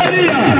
Maria!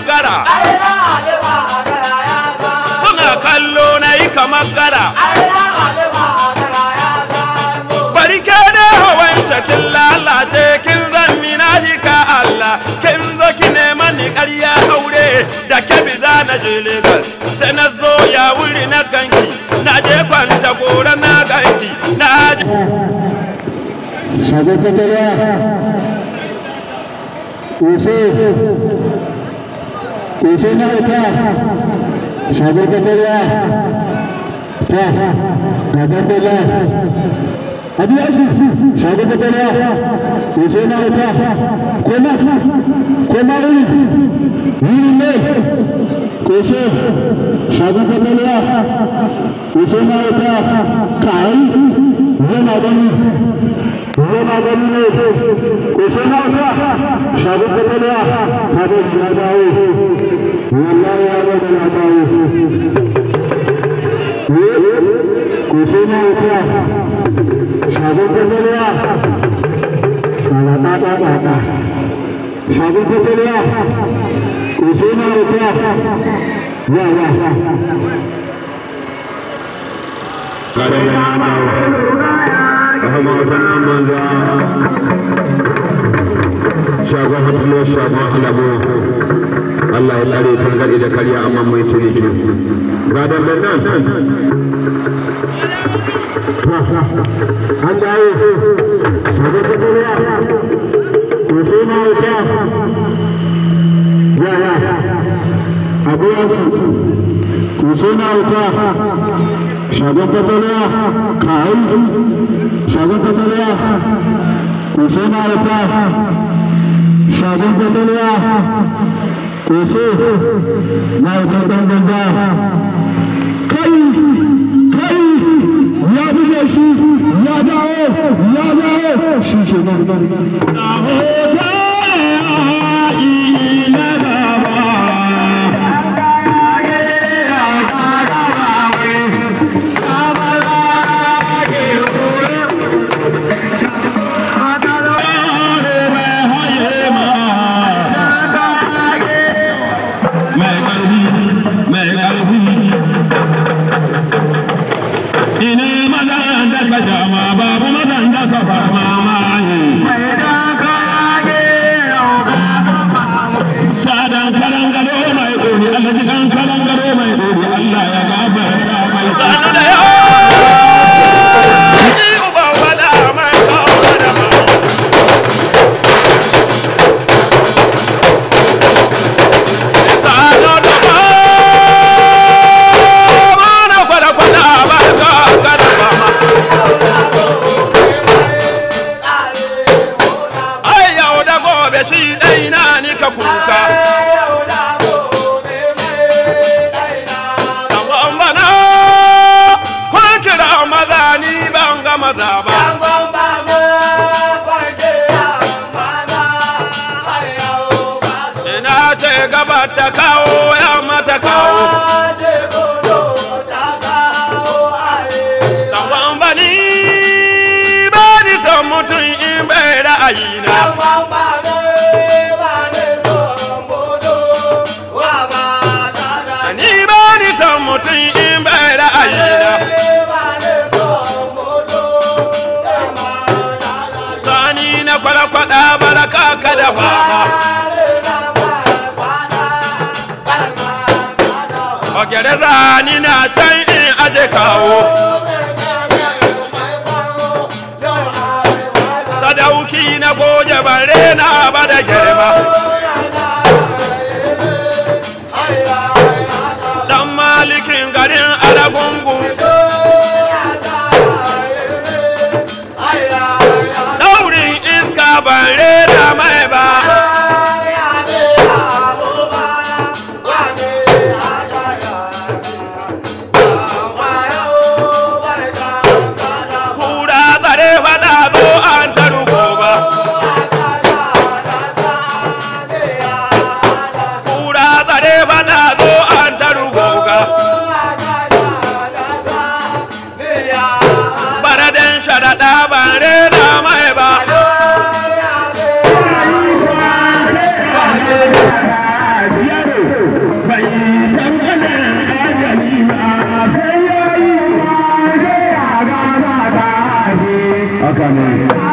kamar suna kallo na yi kamar gara bari ke ne hawan cikin lalace kin zanni na ka Allah kin zo ki neman ni ƙarya aure da kebi za na je Lagos sai na zo ya wuri na ganki na je kwanta gora na ganki na je Shago Kotoria, Uso, Hüseyin abi Qué Şabir Katerya. Tak. Kadar Bela. Qué Yasin. Şabir Katerya. Hüseyin abi Qué Koma. Koma ölü. Yürüyün bey. Qué Şabir Katerya. Hüseyin abi tak. Qué Yeah, yeah, yeah. Let it ወላሂ አበደን አዳዊ ቁስናውታ hamatan manza shagon hatulo Allah ya tsare tangaɗe da karya amma mai ciniki ga dambe nan an dawo shagon fitowa to sai na wuta yaya sai na wuta স্বাগততলা খাই স্বাগততলা কুসুমায়তা স্বাগততলা কুসু মায়তা mutum ra'ayi na sani na baraka ka na in sadauki na goyi इलाका में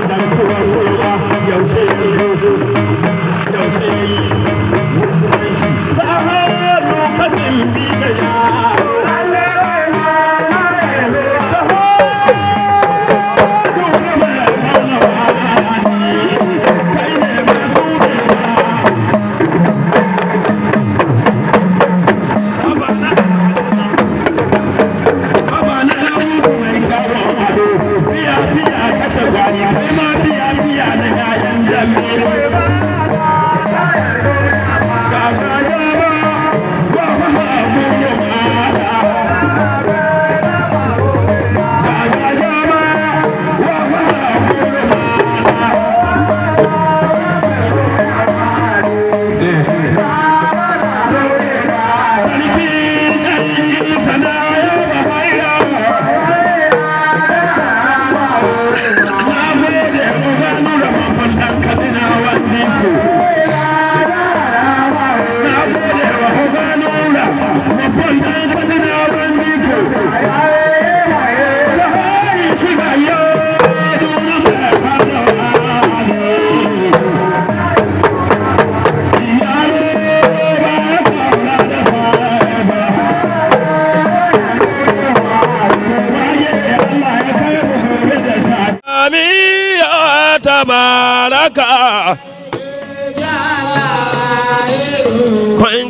Thank you.